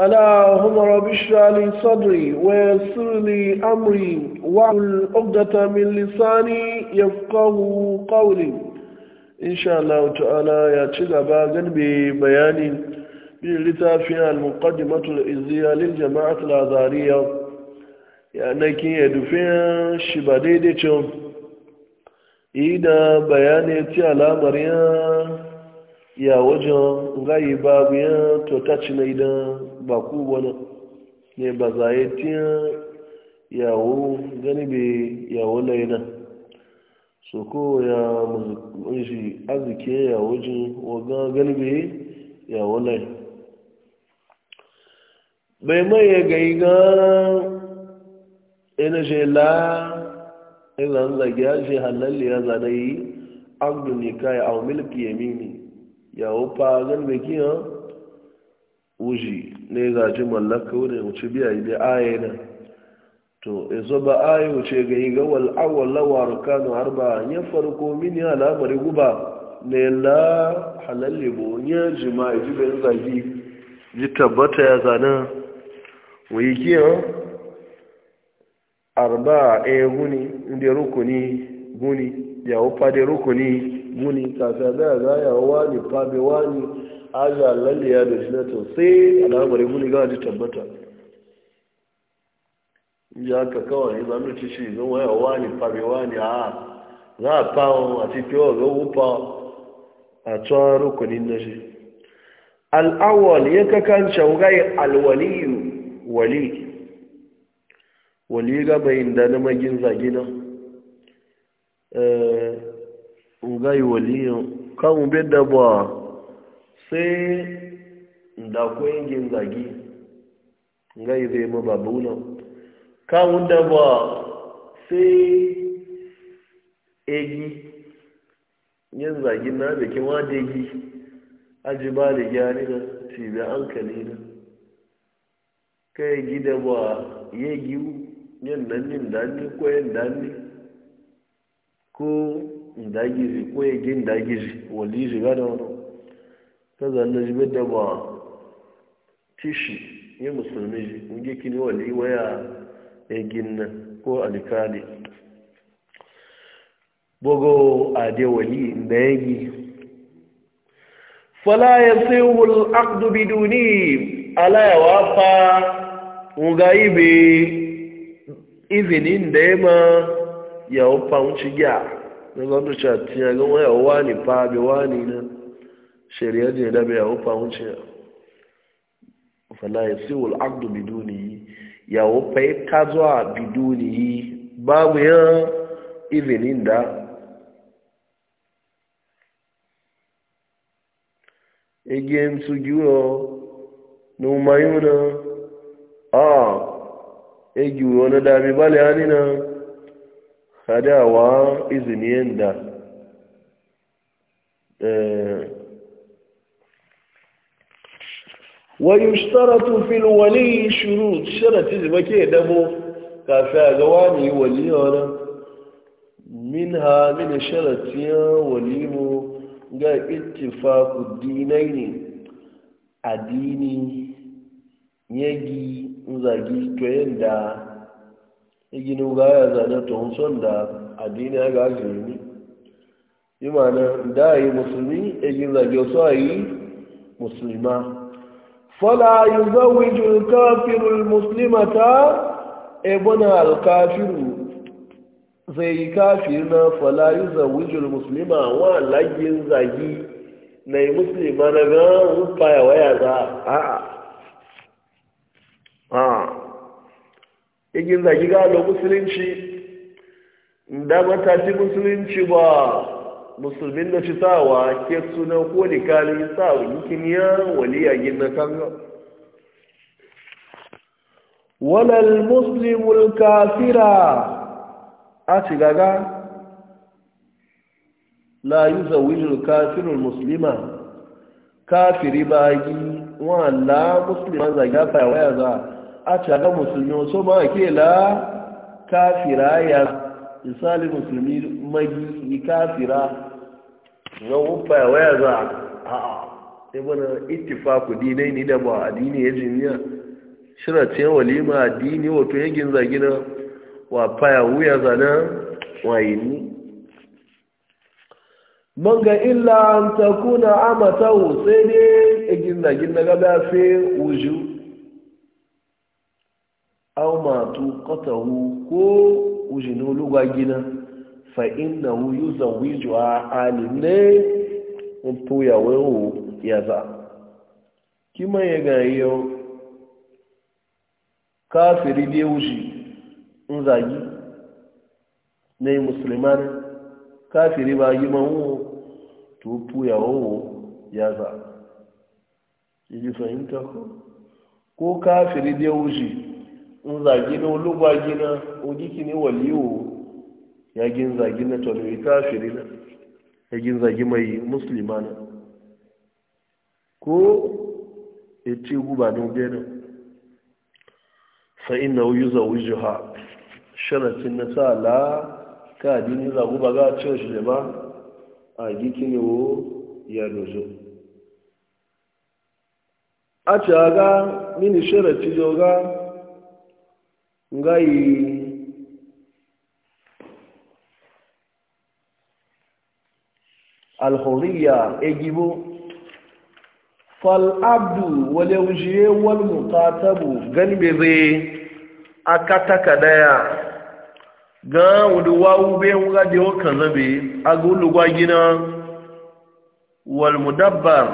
اللهم رب اشرح لي صدري ويسر لي امري واحلل عقدة من لساني يفقه قولي ان شاء الله تعالى يا تشغبا جنبي بياني بلتافيا المقدمة الإزية للجماعة الأزارية يعني كي يدفين شبادي دي تشوف إذا بياني تيالا مريم ya wajen rayu babu yan to ta ci ba ku wani ne ba za a yi tiyan yawo gani bai yawo laina so ko ya mashi arziki yawo jin waga gani bai yawo lai bai mai ya gai ga ina shi la ina zage ya shi halalli ya zanayi abdu ne kai a ya mimi yawo fa gani bai kiyan wuji ne za ji mallaka wani wuce biya ibe aya na to izo ba aya wuce ga yi ga wal'awar lawar kano harba ya farko mini alamari guba ne la halalle bo ya jima ji bayan zagi ji tabbata ya zana wuyi kiyan arba a guni inda rukuni guni yawo fade rukuni guni kafin da ya zaya wani fabe wani aja lalliya da shi na sai al'amari muni ga ji tabbata ya ka kawai za ci shi zan waya wani fabe wani a za a fawon a cikin wa ga wufa a tsawon rukunin na shi al'awon ya kakan shangai alwaliyu wali wali ga bayin da na magin zagina ngai eh, waliyu kan ubin da ba sai da kwengin zagi ngai zai mu babuna kawun da ba sai egi yin zagin na da kima da egi aji ba da gyari na tibi hankali ka kai gida ba ya giwu yin nan yin dani ko yin ko ndagizi ko gi ndagizi wali shiga na wano kaza na jibe da ba tishi nye musulmi ji kini wali waya egin na ko alikali bogo ade wali da yagi fala yasihu al-aqd biduni ala yawafa ugaibe izinin da ma ya upa gya na zando cha tiya ga waya wani pa be wani na shari'a je da bai yawo fa wuce fala yasiul abdu biduni yawo fa ka zuwa biduni babu ya izinin da ege ntu giwo na umayu na a egi na dami bali ani na hadawa izini yanda eh ويشترط في الولي شروط شرط إذا بكي دمو كافي أغواني ولي منها من شرط وليمو ga ittifaku dinaini adini yagi nzagi to yanda yagi ne ga ya zana to son da adini ya ga ni imana da yi musulmi yi فلا يزوج الكافر المسلمة ابن الكافر zai kafir na falayu zawijul musulma wa lagin zagi na yi musulma na ya waya za a a musulunci da musulunci ba musulmin na ci sawa ke suna ko ni kalin sawa yikin ya waliya na kanga walal muslimul kafira a ci gaga la yi zawijin kafirul muslima kafiri bagi wala musulman fara waya za a ci gaga musulmi wasu ma ke la kafira ya misali musulmi magi kafira na wufa waya za a sai bana ku dinai ni da ba addini ya jiniya ce walima addini wato ya ginza gina wa faya wuya zana wayini manga illa an takuna amatahu sai ne ya ginza gina gaba fi wuju aw ma hu ko wujinu lugwa gina fa innahu yuzawijuha aline mtu ya wewe yaza kima yega hiyo kafiri die uji nzaji ne muslimani kafiri ba yima huo tupu ya huo yaza ili fahimta ko ko kafiri die uji nzaji ne ulugwa jina ujiki ni waliu ya gin zagi na tonu kafiri na ya gin zagi mai musulma na ko ya ce gubanin benin fa'in na wuyi zaune ha sharatin na sa la ka dini zagu ba ga cewa shi ba a gikin yawo ya dozo a ce ga mini sharatin yoga ngayi alhuriya egibo fal'abdu wale wujiye wal mutatabu a be zai daya ga wuduwa ube wuga da yau kan zabe a gulugwa gina wal mudabbar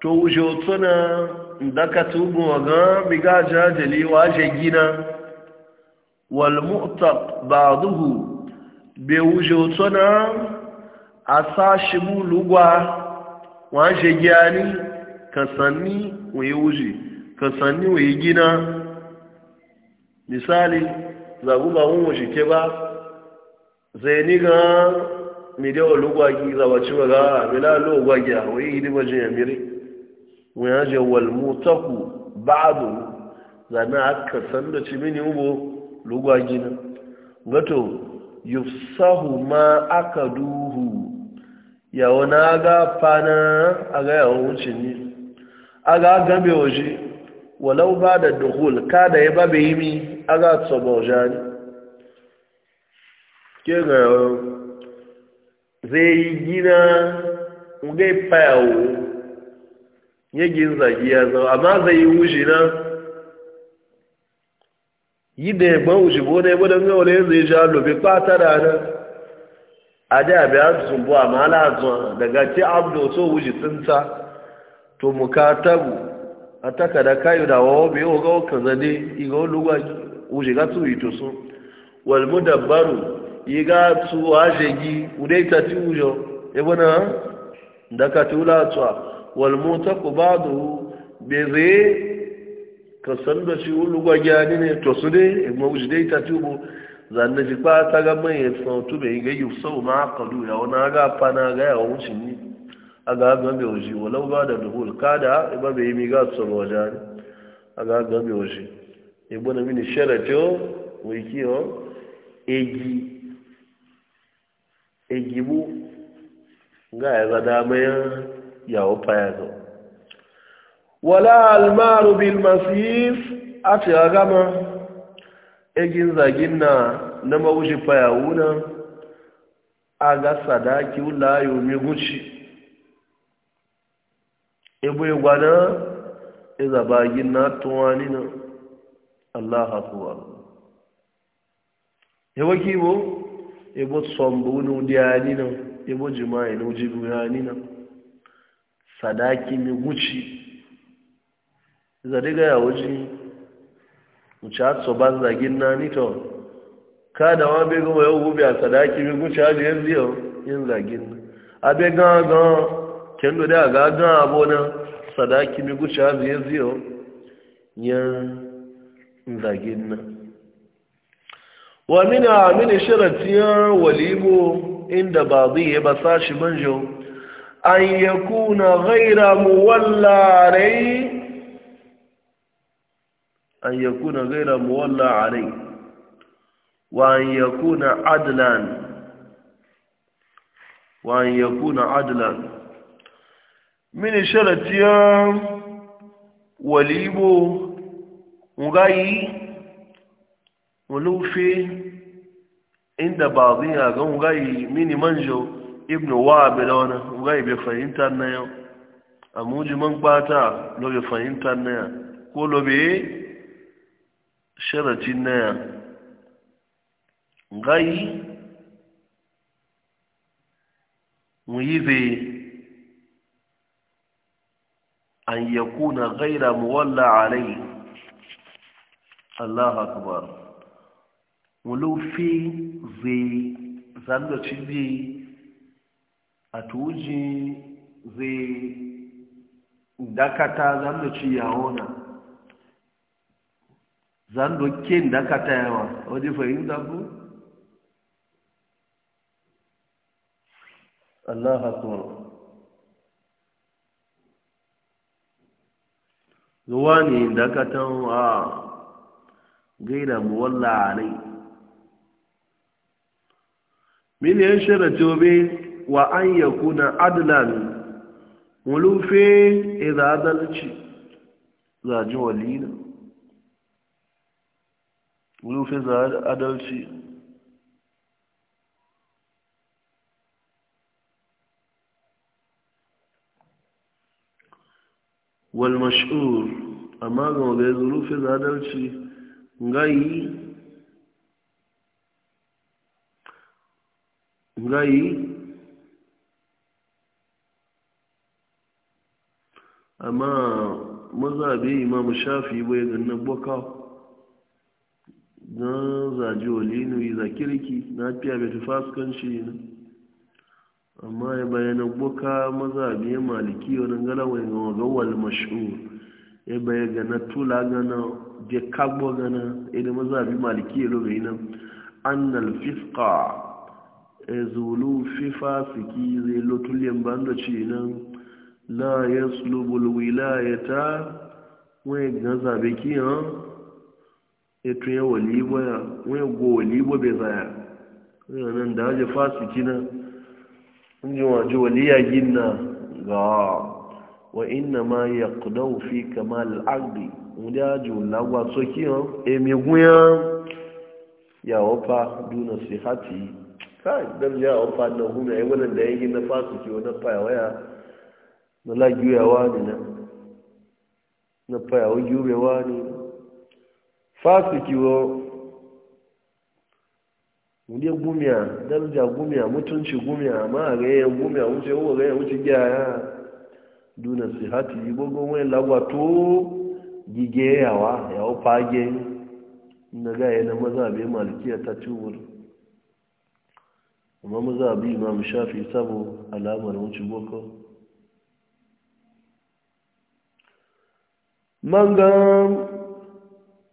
to wuje otuna da ka tubu ga biga jajali waje gina wal mu'taq ba'dahu be wuje otuna asa shibu lugwa waje gyani kasanni waye wuce kasanni waye gina misali zagu ba mun wuce ke ba zai ni ga midewa lugwagi zabaci ba ga mi mila lugwagi a yi waye gidi bajin ya mire wayan je wal mutaku ba'du zana aka san da cimini ubo lugwagi na gato yufsahu ma aka duhu yawo na aga fana aga yawon wuce ni aga gabe waje walau ba da duhul kada ya babe yi mi aga tsoba waje ne ke ga zai yi gina ngai fayawo yagin zagi ya zama amma zai yi wuce na yi da ya gbawuce bude budon gawa da ya zai ja lobe kwata da nan a da biya sun buwa mala daga ce abdo so wuji tsinta to mukatabu a takada kayu da wawo bai yau ga wakan zane iga wani lugwa wuji ga tu ito sun walmu dabbaru yi ga tu waje gi udai ta ku ba zai wani ne dai zanna ji ba ta ga mai ya san tu bai yi sau ma kalu ya wani ga fa na ga ya wuce ni aga ga mai wuce walau ga da duhul kada ba bai mi ga tsoro wajen aga ga mai wuce ibo na mini sharate o wiki o egi egi bu ga ya ga dama ya yawo fa ya wala almaru bil masif ati ma. egin zagin na na mawuji fayawuna a ga sadaki layo mai guci ibu igwana iza bagin na tuwani na allah hakuwa yawa kibo ibu tsombo na udiyani na ibu jima'i na ujibiyani na sadaki mai guci iza ya yawon muchatso banza ginna nito kada wa be go yo gubi a sadaki bi gu chaji yanzu yo yin zagin abe ga ga kendo da ga ga abona sadaki mi gu chaji yanzu yo ya zagin wa min amin ya walibo inda badi ba sashi banjo an yakuna ghayra muwalla wallarai. an yakuna gaira muwalla alai wa an yakuna adlan wa an yakuna adlan mini sharatiya walibo ngayi wulufi inda babin ya ga ngayi mini manjo ibnu wabi da wani ngayi bai fahimta na yau a man bata lo bai fahimta na yau ko lo bai sharacin na yi. mu yi zai an kuna gaira mu muwalla alai Allah akbar mulufi zai zandoci bi a tuji zai dakata zandoci yawona zando ken da aka tayawa wajen fahimta ku? Allah akbar zuwani ne da aka tawa gaida muwalla alai min ya shara tobe wa an yakuna adlan mulufi idan adalci ji walina rufe za adalci walmashur amma ga wagai rufe za adalci ngayi ngayi amma mazabe imam shafi bai ganin bukawar na zaji olinu yi za kirki na fiya bai fi shi na amma ya bayana boka mazabi ya maliki wani galawa ga wagawal mashur ya bayyana tula gana je kagbo gana ina mazabi maliki ya lobe nan annal fiska ya zulu fi fasiki zai lotuliyan bandoci nan la ya slubul wilayata wai gaza biki ha etu ya walibo ya wani go walibo bai zaya yana nan da haji fasiki na inji waje waliya gina gaa wa inna ma ya kudau fi kama al'agbi wani haji wulagwa soki ya emigunya ya wafa duna si hati kai dan ya wafa na hume ya wani da ya gina fasiki wani faya waya na lagiyawa ne na na faya wajiyowa ne fasiki wo wunde gumiya daraja gumiya mutunci gumiya ma a ga yayin gumiya wuce yau ga wuce gya ya duna yi gogo wani lagwato gige yawa yawo fage na ga yana mazabe malikiya ta ciwur amma ma imam shafi sabo alamar wuce boko Manga.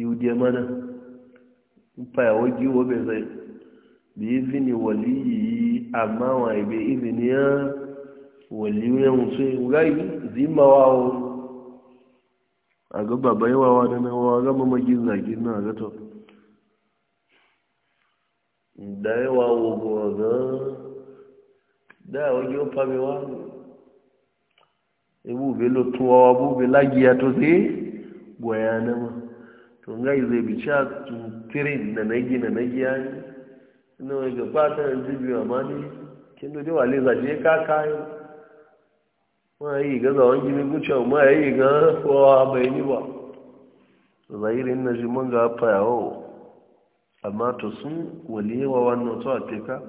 yudia mana mpaya wagi wabe biizini waliyi amma waibe izini ya waliyu ya musu zima wao aga babai yawa wani na wawa ga mamagin zagin na aga to da yawa wogo da wagi opa mewa ebu belo tuwa wabu belagiya to sai goya ma to ngai zai bica na nagi na nagi ya yi ina wai ga fata na jibi wa mani kin dole wale zaje ka ma yi ga zawon gini gucewa ga kowa bai ba zahirin na jimin ga fayawo amma to sun waliyewa wannan to a teka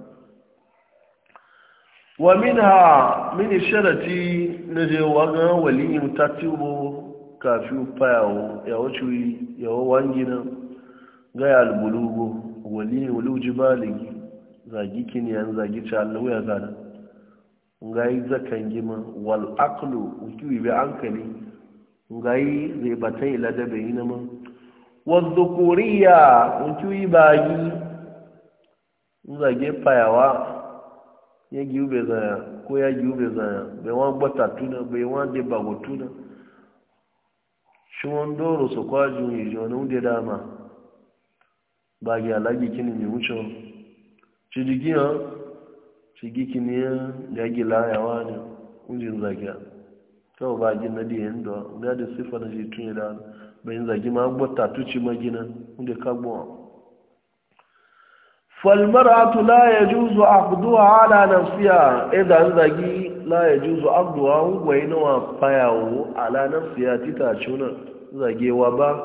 wa min ha mini sharati na je wa kafi fayawo yawo cuyi yawo wangina gaya albulugo wali wali jibali zagi kiniyan zagi callu ya gana ngayi zakan gima wal aqlu ukiwi bi ankali ngayi zai bata yi batai ladabe ina ma wal dhukuriya ba yi zage fayawa ya giube zaya ko ya giube zaya bai wani gbata tuna bai wani dabba bago tuna shi wani doro su kwaju ne ji wani wunde dama ba ya lagi kini mai wuce ci jigiya ci gikini ya gagi layawa ne wunjin zagiya kawo ba gin na diyan da ga da sifa na ji tun ya da bayan zagi ma gbata tuci magina wunde kagbowa falmaratu la ya juzu abduwa ala nafsiya idan zagi la ya juzu abduwa gwai nawa fayawo ala nafsiya tita cuna zagewa ba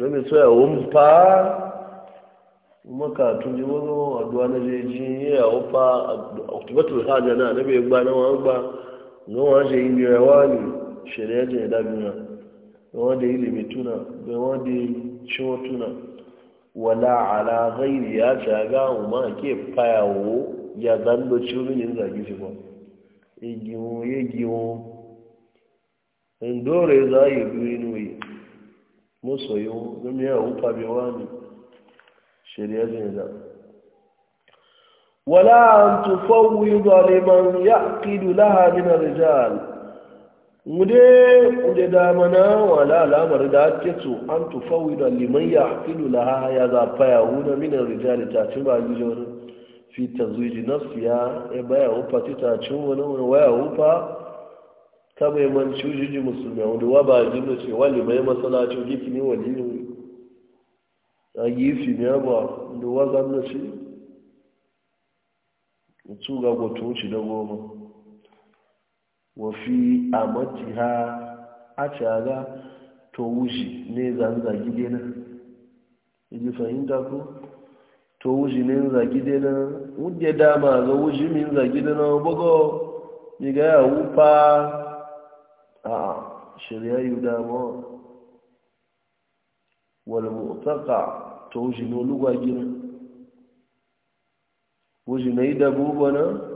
yomi soya wumfa maka tun ji wani aduwa na jeji ya wufa oktubatul hajja na na bai gba na wani gba na wani shi yi rawa ne shari'a jini dabina na wani da ilimi tuna da wani da ciwo tuna wala ala ghairi ya shaga ma ke fayawo ya zando cikin yin zagi shi ba igiwo igiwo in dore za yi biyu nuyi musu yi zama ya wufa bewa ne shirya zai da wala an tufawwi zaliman ya ƙidu laha min rijal mude kude da wala alamar da ake so an tufawi da liman ya hakilu laha ya zafa ya huna mina rijali ta ci ba gijo wani fi e ta zuji nafsiya ya baya wufa ci ta ci wani wani waya wufa ta mai manci jiji musulmi wani wa ba na da ce wali mai masalaci gifi ne wali ne a gifi ne ba da wa zan da ce mutu ga gwatun shi da goma wafi a ha a caga to wuji ne zanzagi dena iji fahimta ko to wuji ne zagi dena wuje dama ga wuji min zagi dena bugo mi ga ya wufa a shirya yi dama wal mutaka to wuji ne olugwa gina wuji na yi dabu bana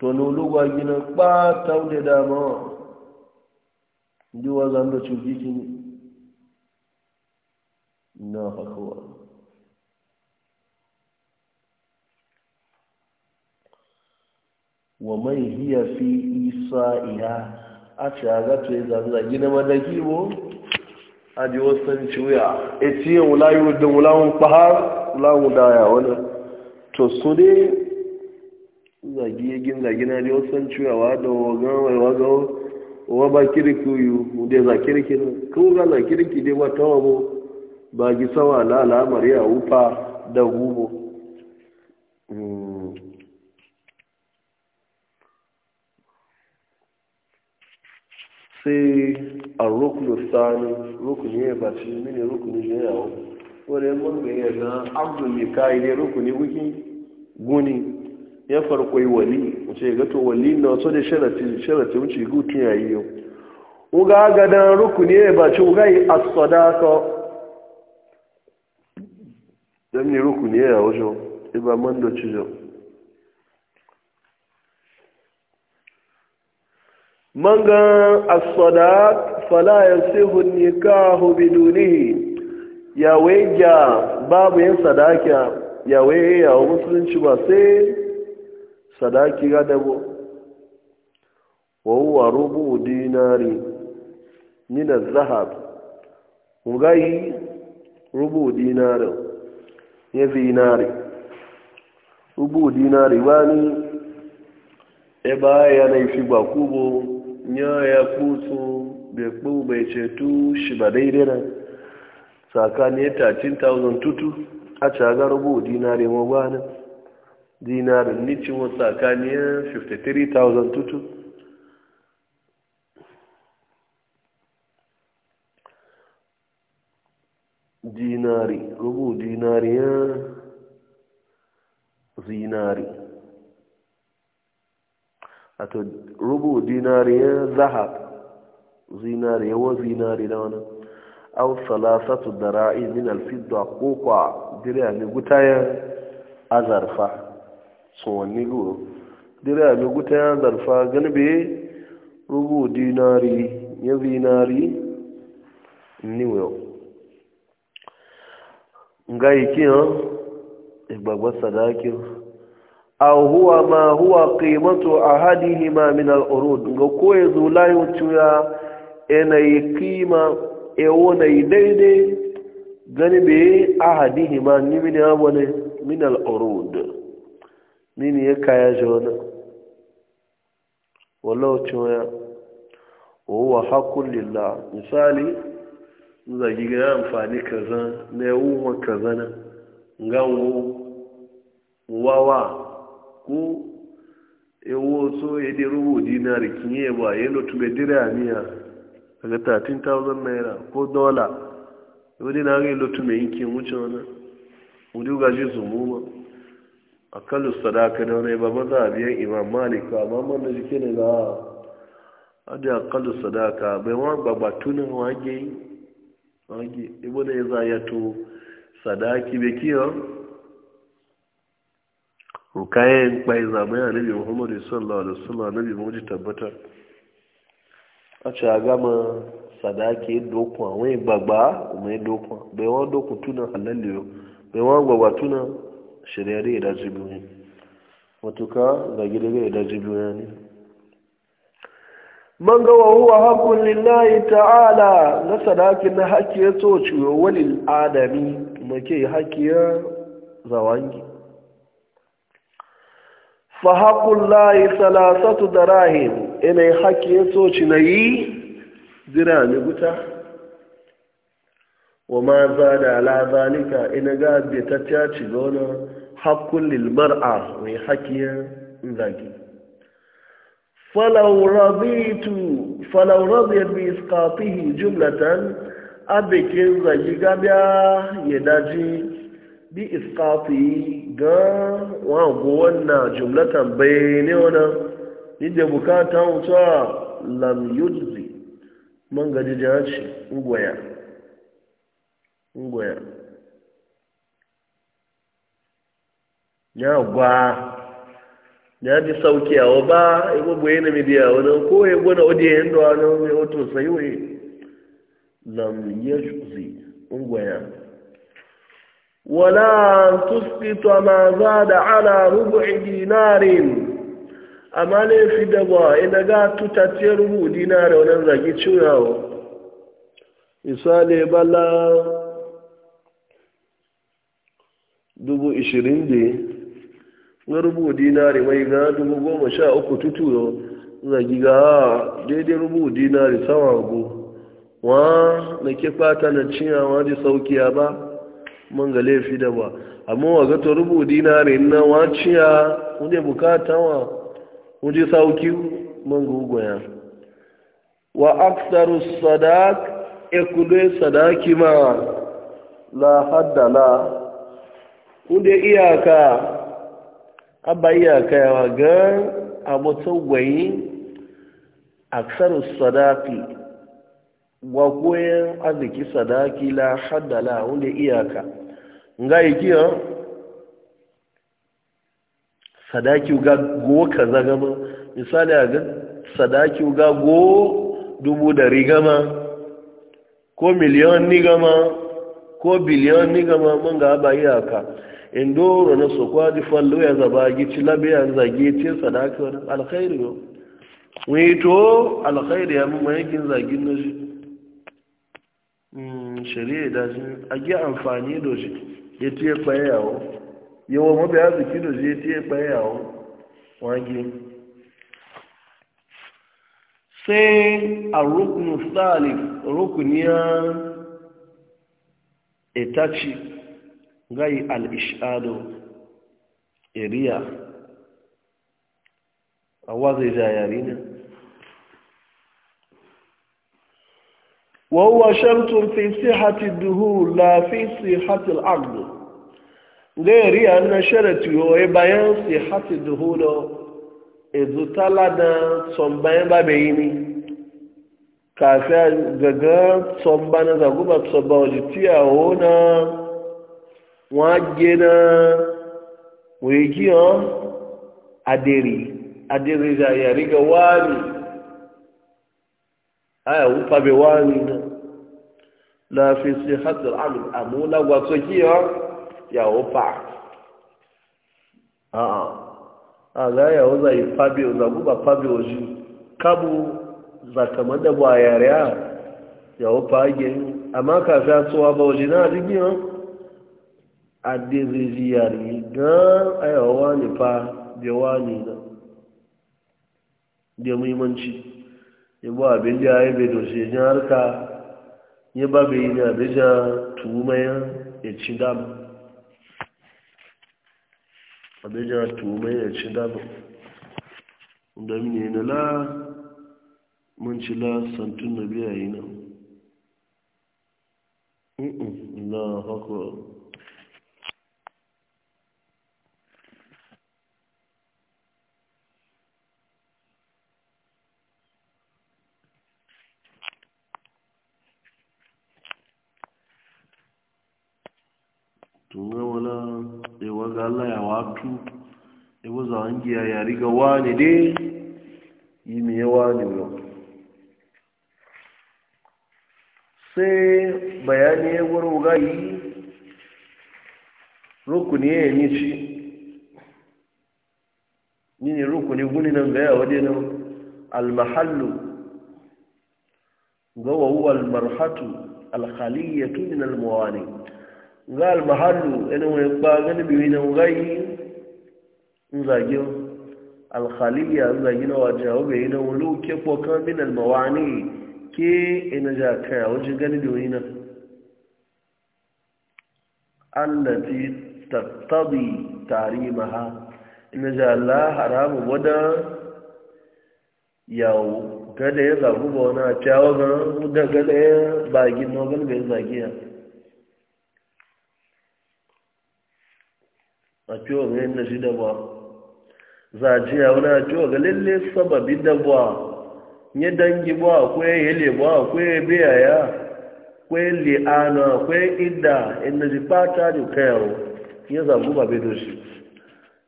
to lolugwa gina ɓata da dama ji wa zan da cuki na hakuwa wa mai hiya fi isa'iha a ce a gato ya zanza gina madaki bo a ciwuya e ciye wula yi kpahar wula to su zagi yagin zagi na biyo san cewa da wagan waiwa ga wa ba kirki yu da za kirki ko ga za kirki dai wata wabo ba gi sawa la la mariya ufa da gubo hmm. sai a rukunu sani rukuni ya ba shi mini rukuni ne yawo wani mun ga yana mai mikai ne rukuni wiki guni ya yi wali wuce gato wali na wasu da sharatin wuce gutun yi yau uga gadan rukuni ya baci uga yi asadaka don ne rukuni ya wajen iba mando cijo manga asadak fala yasihu nikahu bidunihi ya babu yin sadaka ya weya musulunci ba sai sadaki ga dabo wa rubu dinari min az-zahab ngai rubu dinari ya dinari rubu dinari wani e baya na ifi ba kubo nya ya kutu be kpo be chetu shi ba dai-dai na ne 13000 tutu a ga rubu dinari mo gwanin dinarin nicin wasu tsakaniyar 53,000 tutu dinari rubu dinariyar zinari a to rubu dinariyar zahab zinari yawon zinari da wani au salasatu da ra'i min alfidda ko kwa dirya ne gutayen azarfa tsohonni guwa dire mai gugu ta zarfa ganibe rubu dinari ya zinari new york ga ikiyan igbagbar e sadakin a huwa ma huwa qimatu ahadihima min al-urud ga koyi e e zulayin cuya yanayi kima ewonai daidai ganibe ahadihima ni min abu ne min al-urud mini ya kaya jona walau cewa wa haƙun lilla misali zagi ga amfani kaza na yawon kaza na ganwo wawa ko ewo so ya di rubu na kinye ba ya lotu ga miya daga 13,000 naira ko dola yau dina ga lotu mai yankin wuce wani wuri gaji zumuma a akalu sadaka da wani ba maza biyan imam malika amma man da jike ne za a da akalu sadaka bai wani gbagba tunan wage wage ibo da ya za sadaki bai kiyo rukayen kwai zamai a nabi muhammadu sallallahu alaihi wasallam nabi muji tabbatar a ce a gama sadaki dokwa wani gbagba kuma ya dokwa bai wani dokwa tunan halalliyo bai wani gbagba tunan shirya da idaji biyu matuka da gidaga idaji biyu ne man ga wa huwa haqqun lillahi ta'ala na sadakin na haƙƙi ya so ciwo walil adami make haƙƙi ya zawangi fa haƙun lahi salasatu darahim ina haƙƙi ya so na yi dirami guta wa ma za da ala zalika ina ga ta ci ga wani lilmar'a mai hakiyar zagi falau bi iskatihi jumlatan abikin zagi gabiya ya daji bi iskatihi ga wago wannan jumlatan ne wani inda bukata wuta lam yudzi man jaci ugwaya ngwaya ya gwa ya ji sauki a wa ba ego boye na midiya wani ko ego na odi ya da wani ya wato sai wai lam yashzi ngwaya wala tusqitu ma da ala rubu'i dinarin amma laifi da ba ina ga tutatiyar rubu dinare wannan zagi ciwo misali bala dubu ishirin da na rubu dinari mai ga dubu goma sha uku tutu yau zagi ga daidai rubu dinari sama abu wa na ke fata na ciyawa ji saukiya ba man ga laifi da ba amma wa zata to rubu dinari na wa cinya wunde bukata wa wunde sauki man ga ugoya wa aksaru sadak ekule sadaki ma la haddala kuda iyaka abba iyaka yawa ga a mutum gwayi aksaru sadaki wa koyan arziki sadaki la haddala wanda iyaka nga ikiya sadaki ga go kaza gama misali a ga sadaki ga go dubu dari gama ko miliyon ni gama ko biliyon ni gama mun ga abba iyaka indoro na sokwa di fallo ya zaba gici labe ya zage ce sadaka wani alkhairi yau wani to alkhairi ya mu mayakin zagin na shi hmm, shari'a da shi a gi amfani da shi ya ce kwaye yawo yawan mabiya ziki da shi ya ce kwaye yawo wani sai a rukunu salif rukuniya itaci gai al'ishado iriya a wazai jayari ne wawa shartun fi sihati duhu la fi sihati al'adu gai iriya na sharati yoyi bayan sihati duhu da ezutala da tsombayan babayi ne kafin gaga tsomba na zaguba tsomba wajitiya wona wọ́n náà gẹ́nà kí hàn adèrè adèrè ìjàyà nígbà wáàmì ayàwó pàbẹ wáàmì náà láàfin sí hasan àmì àmúlágbà tó kí hàn yàwó pa àgá yàwó zàyí pàbẹ òzàgúbà pàbẹ òjú kábù zàkàmọ́dàbọ̀ àyàrá yàwó pa gẹ́yìn àmọ́ kàfẹ́ àtúwà bọ̀ òjì náà dígbì hàn. adiriyari gan ayawa ne fa da wani na da muhimmanci yabo abin da ya bai doshe jin harka ya babu yi ne abin da tumayen ya ci dama abin da tumayen ya ci dama da mine na la mun la santun na biya yi nan na hakuwa ga Allah ya watu ya za wangi ya riga wani dai yi mai yawa ne yau sai bayani ya wuri gayi rukuni ya yi ci nini rukuni guni nan gaya waje nan almahallu ga wa huwa almarhatu alkhaliyatu min almawani Nga almahallu yana wani ba gani biyu na gai in zage alkhaliya in zage na wajen hau bai na wulu ke kokan min mawani ke ina ja kai a wajen gani biyu na allati tattabi tarimaha ina ja la haramu wada yawo gada ya zagu ba wani a cewa ga gada ya bagi na wani bai zage ya a ciwo na shida da ba za ji ciya wani a ga lalle sababi da ba nye dangi ba ko ya ba ko ya biya ya ko ida li'ana ko ya idda in na ji fata da kayawo ya zagu ba bai doshi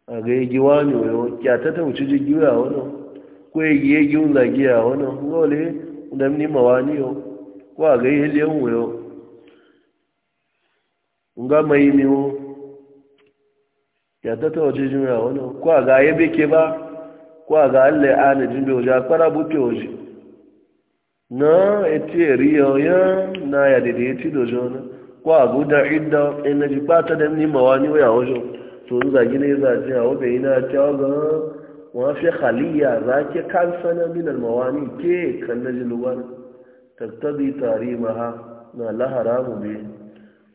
a ga ya giwa ne wayo kyata ta wani ko ya giye giwun zagiya wani gole da mini mawani yo ko a ga ya unga wayo nga mai yadda ta waje jimiya wani ko a ga yabe ke ba ko a ga allai ya ana jimbe waje a kwara buke waje na eti eriyo ya na ya dede eti dojo wani ko a guda idda ina ji pata da ni mawa ni waya waje to n zagi ne za ce a wabe ina ta waga wa fi khaliya za ke kansa minar min almawani ke kan na jiluwar tattabi tari maha na laharamu mu be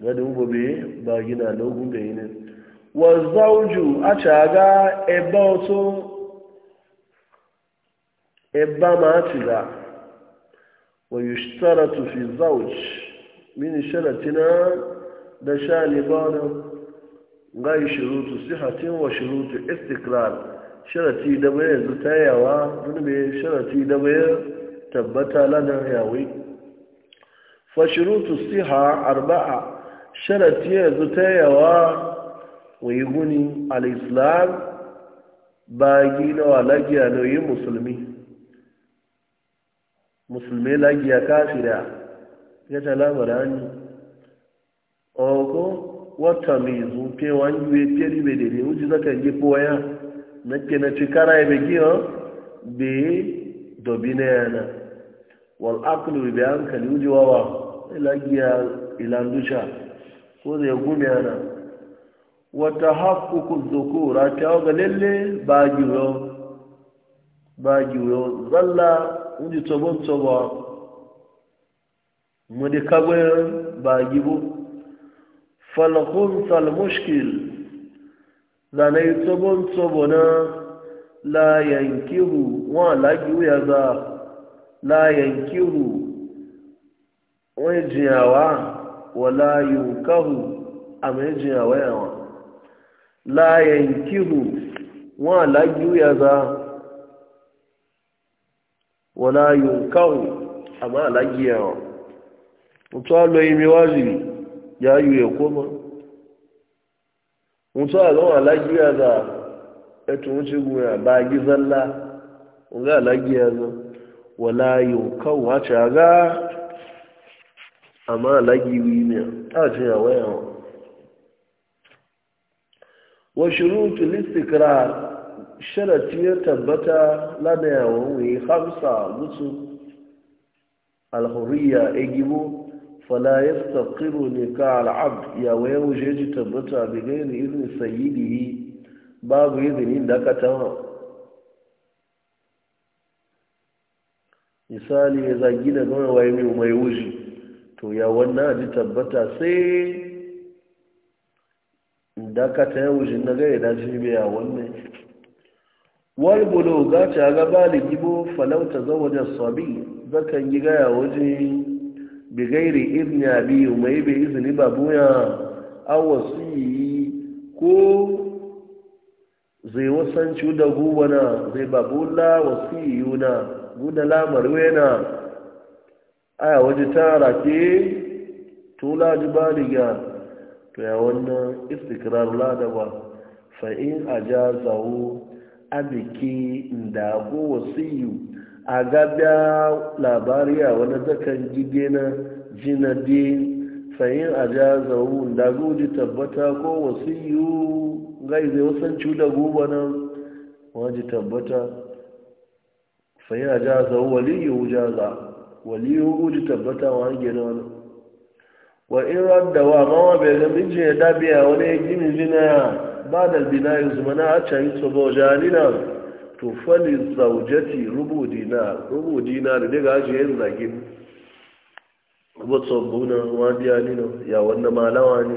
gadin gobe ba gina logun da yi ne. wazauju a caga ebe otu ebe ma ciga wa tó fi min sharatina da tó libana ga shirutu sihatin wa shirutu istikrar sharati da bai yanzu ta yawa da bai tabbata lanar yawai fa shirutu siha arba'a sharati yanzu ta wai guni al'islam ba gina wa lagiya na yi musulmi musulmi lagiya kafira ya talama da hannu ọkọ wata mai zunfe wani yi fiye ribe da ne wuce zaka yi koya na na cikara ya begi ha be dobi na yana wal akulu bi hankali wuce wawa lagiya ilandusha ko zai gumi yana wata haƙuƙu zukura ta ga lalle ba giyo ba zalla inji tsobon tsobon mudi kagwayar ba gibo falakun salmushkil zanai tsobon tsobon na layan kihu wa lagiyo ya za layan kihu wani jiyawa wala yunkahu a mai jiyawa yawa la yankihu wa la yuyaza wa la yunkahu ama la yawa mutu alo imi wazi ya yuye koma mutu alo wa la yuyaza etu mutu guya ba gizalla unga la yaza wa la yunkahu acha ga ama la yiwi ne a ce ya wayawa wa shurutu listikrar sharati ya tabbata yawon wuyi hamsa mutu alhuriya egibo fala ya tsakiru ne ka al'abd ya waya wuce ji tabbata bi gairi izini yi babu izini da misali ya zagi da gawar waye mai wuce to ya wannan ji tabbata sai daka ta yau shi na gaya dace biya wannan walbulo gace a gaba da gibo falauta zawajen sabi zakan yi gaya waje bigairi izini biyu mai bai izini ba buya a wasu yi ko zai wasanci da gubana zai babula wasu yi na guda lamar wena aya waje tara ke tula ji to ya wannan istikrar lada fa'in a ja zawo a biki da ko wasiyu a gaba labari a wani zakan gide na jinadin fa'in a ja zawo da goji tabbata ko wasu wasiyu gai zai wasan cuda goba nan waji tabbata fa'in a ja zawo waliyu jaza waliyu goji tabbata wa hangi na wani wa in radda wa mawa bai ga miji ya dabiya wani ya gini jina ba da bina ya zuma na a can su ba jalina to fali zaujati rubu dina rubu dina da daga ajiye yin zagin wata buna wani ni na ya wanda malawa ne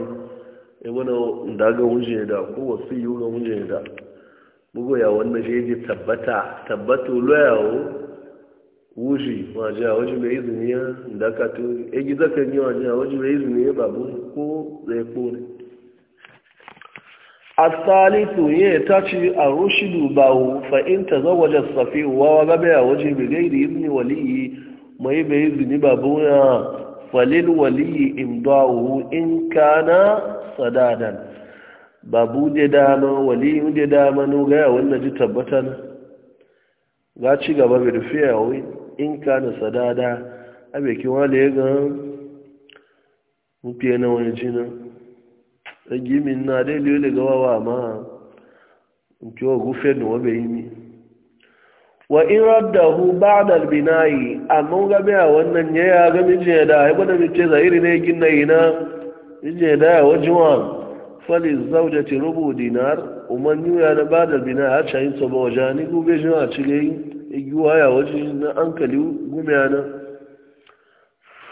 ya wani daga wunje da ko wasu yi ga wunje da bugu ya wanda shi ya ji tabbata tabbatu loyawo wushi waje a waje mai izini ya dakatu e ka to e gida kan yi waje a waje mai izini ya babu ko zai a tsalitu ya ta ce a rushidu bawu fa in ta zawaje safi wa wa gaba a waje mai da izini waliyi mai mai izini babu ya falil waliyi dawo in kana sadadan babu da dama waliyi da dama no wani wannan ji tabbatar ga ci gaba bai rufe ya wani in kana sadada abe ki wale ga mupiye na wani jina egi min na dai lele ga wawa ma nki o gufe da wabe ne wa in hu ba'da al A amma ga biya wannan ne ya ga miji da ai bada miji zahiri ne na ina ya da wa fali zawjati rubu dinar umman ya da ba'da al-bina'i a chain so bawjani gube jina a cikin igiwa ya waje na ankali gumiya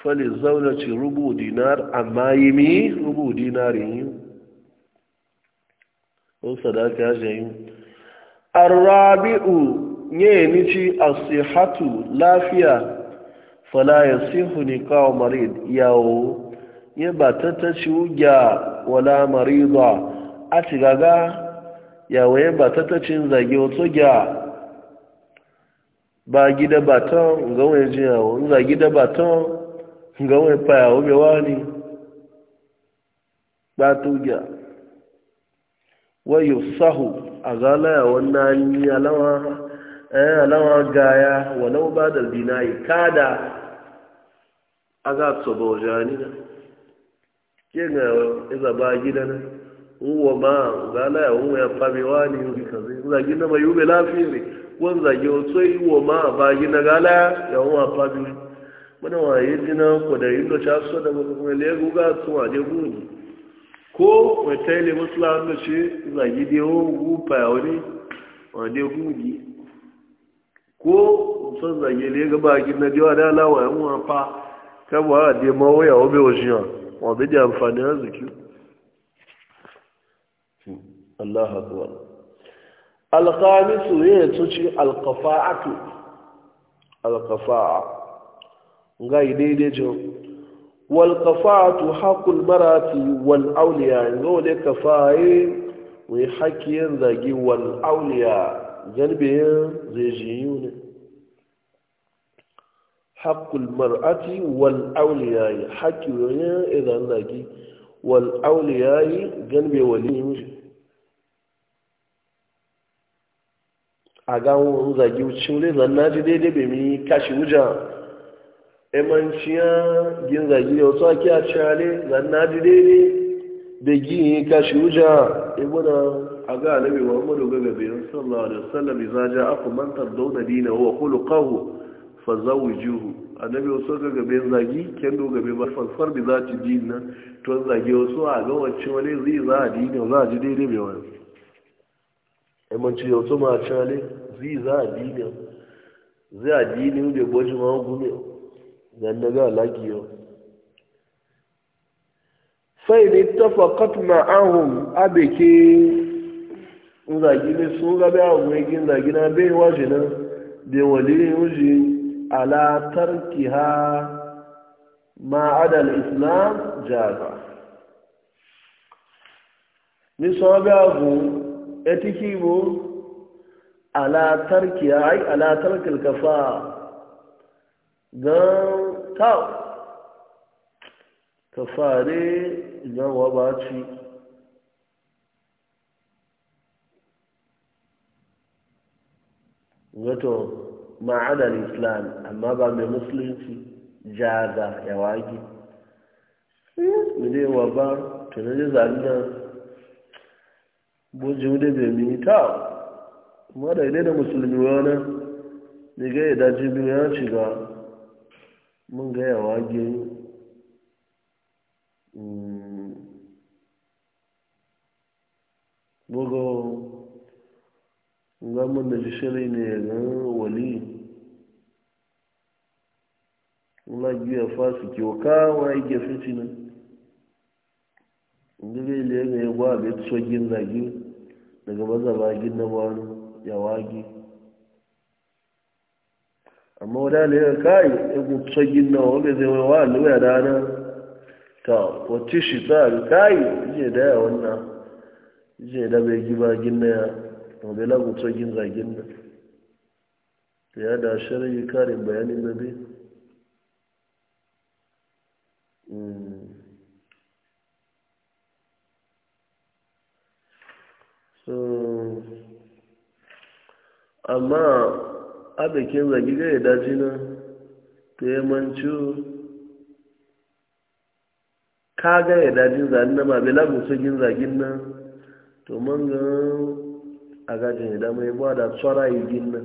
fali zauna ce rubu dinar amma yi mi rubu dinar yi o sadaka ya ce yi arrabi'u ne ni ci sihatu lafiya fala ya sihu ni kawo marid yawo ne ba ta ta ci wugya wala maridwa a ci gaga yawo ya ba ta ta cin zage wato gya ba gida ba ta ga wani jiyawo za gida ba ta ga wani fayawo mai wani ba tugiya wayo sahu a zalaya wannan alawa ɗayan eh, alawa gaya walau ba da dinayi kada a za su ba wajani na ke ga iza ba gida na uwa ma zalaya wani ya famewa ne yau yi kazi za gida mai yi ube lafiya ne wanza yau tsoyi wa ma a bagi na gala yawon wa fabi mana wa yi jina ko da yin doce aso da mai lego ga tun waje guni ko mai taile musulam da ce zagi da ya wani waje guni ko son zagi lego bagi na jiwa da alawa yawon wa fa kama a dema waya wabe wa shi wa bai da amfani arziki Allah akbar الخامس يتوشي القفاعة القفاعة غاي دي دي جو والقفاعة حق المرات والأولياء نقول كفاعة ويحكي ذاقي والأولياء جنبه زيجيون حق المرأة والأولياء حكي ويحكي إذا ذاقي والأولياء جنبه وليه a gawon zagi wucin wule zanna ji daidai bai mi kashi wuja emanciya gin zagi da wasu ake a cale zanna ji daidai da gin kashi wuja ibuna e a ga nabi muhammadu ga gabe sallallahu alaihi wasallam za ja aku man tardau dina wa khuluqahu fa zawjuhu annabi wasu ga yin zagi kendo gabe ba fasfar bi za ci dina. to zagi wasu a ga wacce wani zai za a dina za a ji daidai bai wani emanci yau to ma cale zai za a dini zai a dini ma gumi dan daga laki yau sai ne tafaqat ma'ahum abiki in zagi ne sun gabe a wegin zagi na bai waje nan da wali yuji ala tarkiha ma adal islam jaza ni so gabe etiki bu ala tarki ai ala tarkil kafa gan ta kafare gan wabaci wato ma'adar islam amma ba mai musulunci Jaga ya wagi mu wa ba tunanin zanen bujin da bai mi ta kuma da ile da musulmi wani ne ga yi daji biyu ya ga mun ga ya wage hmm. bugu gamin da jishiri ne zan wali lagi ya fasu kyoka wa fitina. fitinan gire ne ya gwa abin tsogin zagi daga mazabagin na wani ya wage amma wadanda ya kayi ya gutsagin na wani zai wai wa ya dana ta wacce shi tsari kayi je da ya wannan je da bai gibagin na ya bai lagutsagin zagin na ya da shari'i karin bayanin na biyu Hmm. amma abikin zagi ga ya daji na ta yi manci ka ga ya daji zagi na ma bela gusogin zagin na to man ga a gajin ya dama ya ba da tsara igin na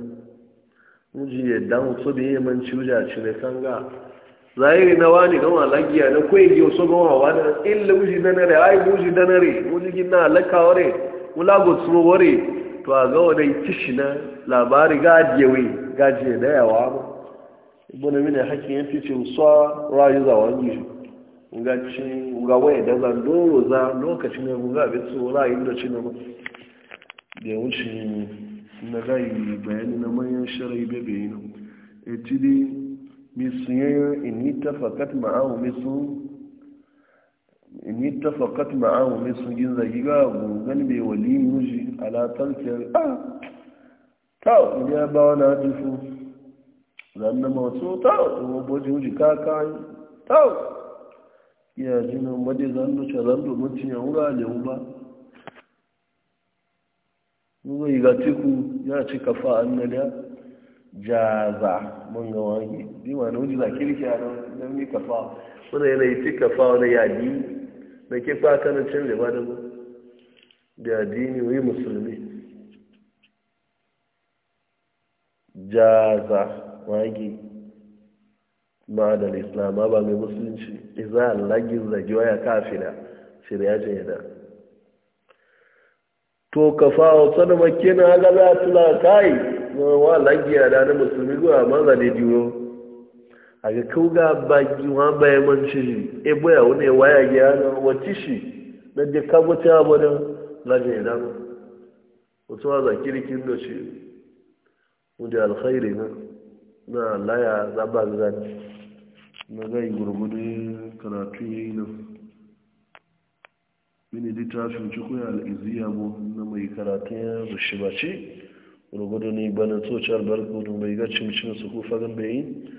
muji ya so bai ya manci wuce a cire kan ga zahiri na wani kan alagiya na kwaye gi wasu gawa wani illa wuji danare ai wuji danare muji gina alakawar wulago tsoro ware to a ga wadai kishi na labari gajiyewe gajiye da yawa ba ibn na hakin ya ce usa rayu za wani shi ga ci ga waye da zan doro za lokacin ne ga bi tsoro rayu da na mu da wuce na gai bayani na manyan sharai bebe yi nan etidi misiyan inita fakat ma'ahu misu ni ta fakat ma'ahu mai sun gin zagi ga gungan mai wali muji alatar ke ah, a ta ne ya ba wani ajifu zanna masu ta waboji muji kaka yi ta ji jinin madi zandu ce zandu mutum ya wura lewu ba nuna iga tiku ya ci kafa annan ya jaza mun ga wani bi ma na wuji za kirki a nan ne kafa wani yanayi ci kafa wani yadi da ke fakanin cin libadin da addini wai musulmi jaza wagi ma da islam ba mai musulunci iza lagin zagiwa ya kafira shirya da. to ka fawo tsada makina ga za su la kai wa lagiya da na musulmi zuwa manzali diwo aga kauga baki wa bayan man shiri e boya wani waya ya na wati shi na je ka gote abu da lajin idan wasu wa za kirkin da shi wanda alkhairi na na laya zaba zan na gai gurgudun karatu yi nan mini ya cikin al'iziya mu na mai karatu ya shi ba ce gurgudu ne bana tsoci albarkudu mai gacin cin su kufa gan bayin